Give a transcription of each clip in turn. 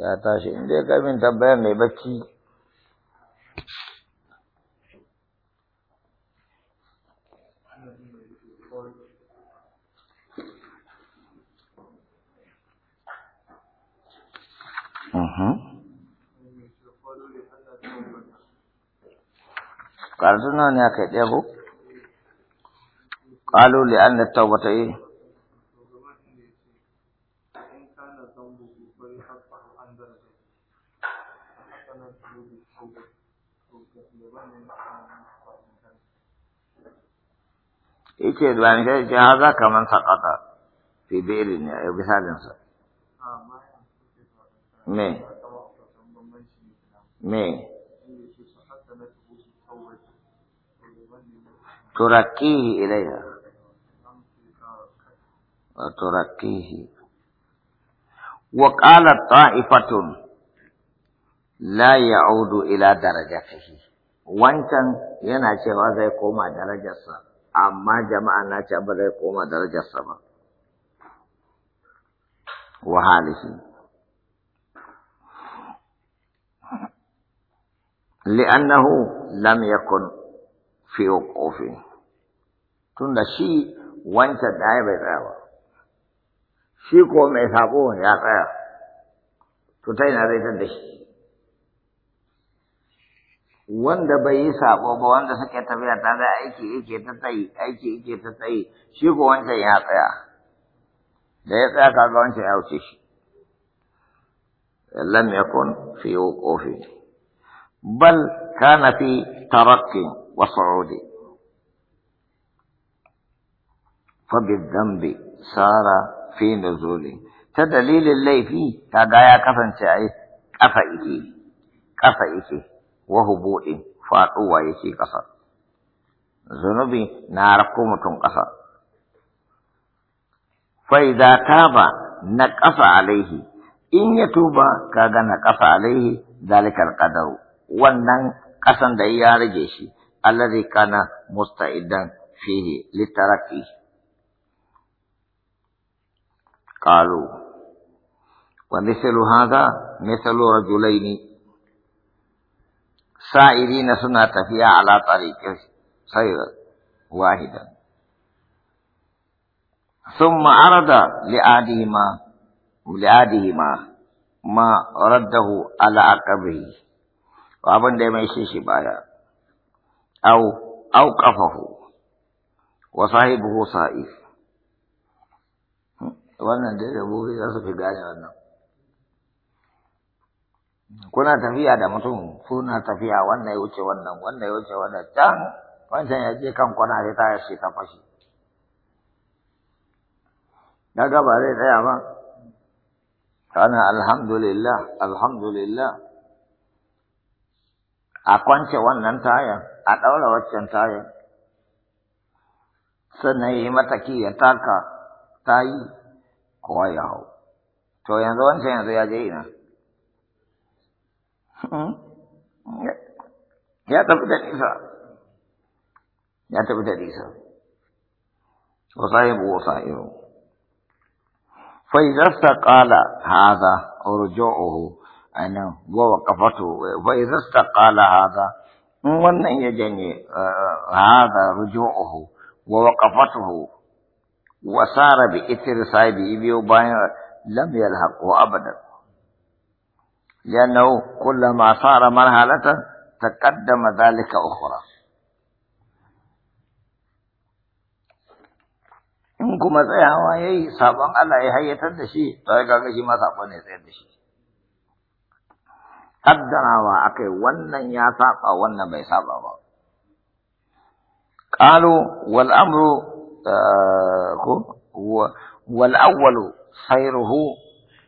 ya tashi inda ya kamin tabbayar mai bacci Ƙarfi ne aka yi ɗaya ko? an da taubata yi. فإن كان ذنبه فيحطه عن درجته فحسن Ice bayan kai ce haza kaman sakata fi birin ya bisalinsa. Me? Me? Turakihi ilaiha. Turakihi. وقال الطائفة لا يعود إلى درجته وان كان ينهى زي قوم درجة أما جماعة ناشا بذي قوم درجة سبا وحاله لأنه لم يكن في وقوفه تنشي وانت دائما دائما shi ko mai sabo ya tsaya to ta zai da shi wanda bai yi sabo ba wanda suke tafiya ta da aiki yake ta tsayi aiki yake ta tsayi shi ko wancan ya tsaya da ya tsaya kaga wancan ya wuce shi lam yakun fi wuqufi bal kana fi tarakki wa su'udi fa bi dhanbi sara fi nuzuli ta dalilin laifi ta ga ya kasance yi kafa ike kafa yake wa hubudin faduwa yake kasa zunubi na rako mutum kasa za ta ba na kasa alaihi in ya tuba kaga na kasa alaihi dalikar kadar wannan kasan da ya rage shi alladhi kana musta'idan fihi litaraki قالوا ومثل هذا مثل رجلين سائرين سنة فيها على طريق سير واحدا ثم عرض لآدهما لآدهما ما رده على عقبه وابن دي ميشي بايا أو أوقفه وصاحبه صائف wannan dai bobe za su fi gane wannan kuna tafiya da mutum kuna tafiya wannan ya wuce wannan wannan ya wuce wannan can wancan ya je kan kwana sai ta shi ta fashi na gaba zai tsaya ba kana alhamdulillah alhamdulillah a kwance wannan tayan a ɗaura waccan tayan sannan ya yi mataki ya taka ta yi kowa ya hau to yanzu wancan yanzu ya je ina ya tafi da nisa ya tafi da nisa wa sahibu wa sa'iru fa idza qala hadha urju'uhu anan wa uh, waqafatu fa idza qala hadha wannan ya janye uh, uh, hadha ruju'uhu wa waqafatuhu وصار بإثر صاحبه وباين لم يلحقه أبدا لأنه كلما صار مرحلة تقدم ذلك أخرى إن كما تأيها وهي سابقا على إحياء تدشي تأيها كما تأيها ما تأفني تدشي قدرها وأكي ونن يا ساقا ونن بي ساقا قالوا والأمر آه، هو والأول خيره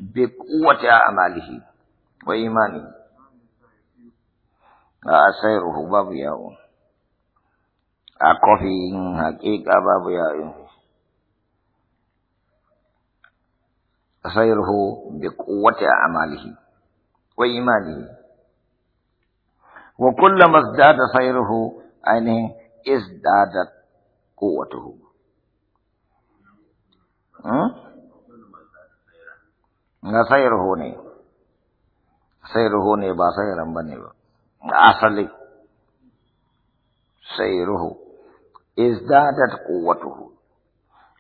بقوة أعماله وإيمانه آه، خيره باب ياو أكوفي آه، حقيقة باب ياو خيره بقوة أعماله وإيمانه وكلما ازداد خيره أنه يعني ازدادت قوته Hmm? na sayarho ne sayarho ne ba sayaran ba ne ba asali is that quwwatuhu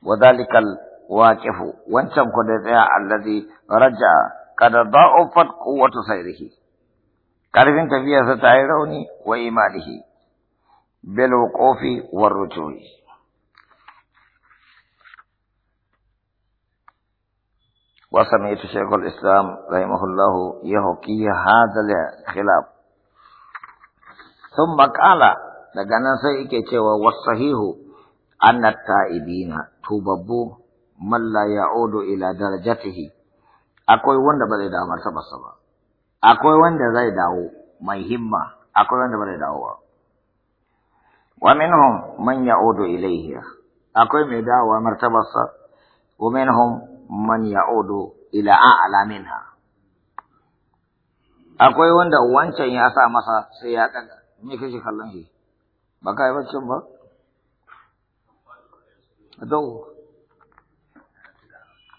wa wancan ku da tsaya allazi raja kada da'ufat quwwatu sayrihi karfin tafiyarsa ta yi rauni wa imanihi bil wuqufi war rujui وسمعت شيخ الاسلام رحمه الله يحكي هذا الخلاف ثم قال لقنا سيكي والصحيح أن التائبين توببوا من لا يعود إلى درجته akwai wanda ba zai dawo martabarsa ba, akwai wanda zai dawo mai himma, akwai wanda ba zai dawo ba. Wa minhum man ya'udu ilayhi, akwai mai dawowa martabarsa, wa man ya'udu ila a'la minha akwai wanda wancan ya sa masa sai ya daga me kake kallon shi ba kai cin ba to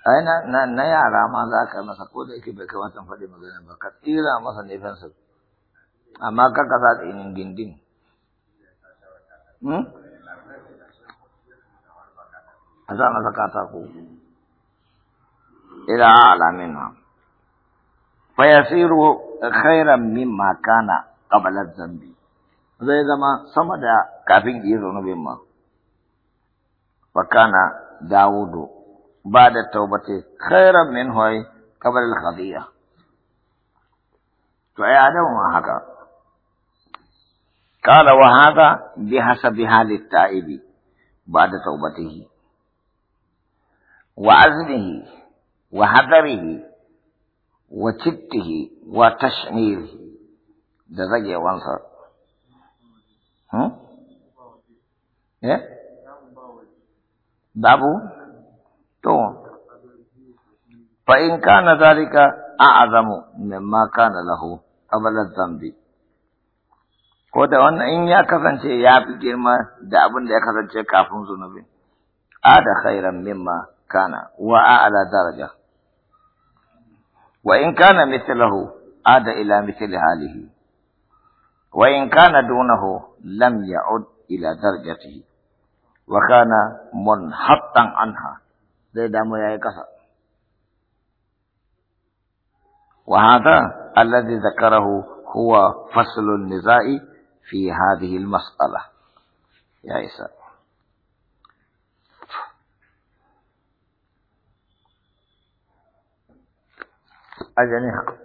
ai na na yara ma za ka masa ko da yake bai kamata faɗi magana ba ka tsira masa ne fansa amma kaka sa tsinin gindin hmm? a sa masa katako إلى أعلى منها فيصير خيرا مما كان قبل الذنب zai zama sama da kafin yi zunubin ma. Fakana Dawudu ba da taubati khairan min hoyi kabar al-khadiyya. To ai Adamu ma haka. Kala wa haka bi hasabi halit ba da taubatihi wa azmihi وحذره وتبته وتشميره ده زي وانصر هم؟ ايه؟ بابو تو فإن كان ذلك أعظم مما كان له قبل الذنب ko da wannan in ya kasance ya fi girma da abin da ya kasance kafin zunubi ada khairan mimma kana wa daraja وإن كان مثله عاد إلى مثل حاله وإن كان دونه لم يعد إلى درجته وكان منحطا عنها زي دامو وهذا الذي ذكره هو فصل النزاع في هذه المسألة يا إسحاق ajaliha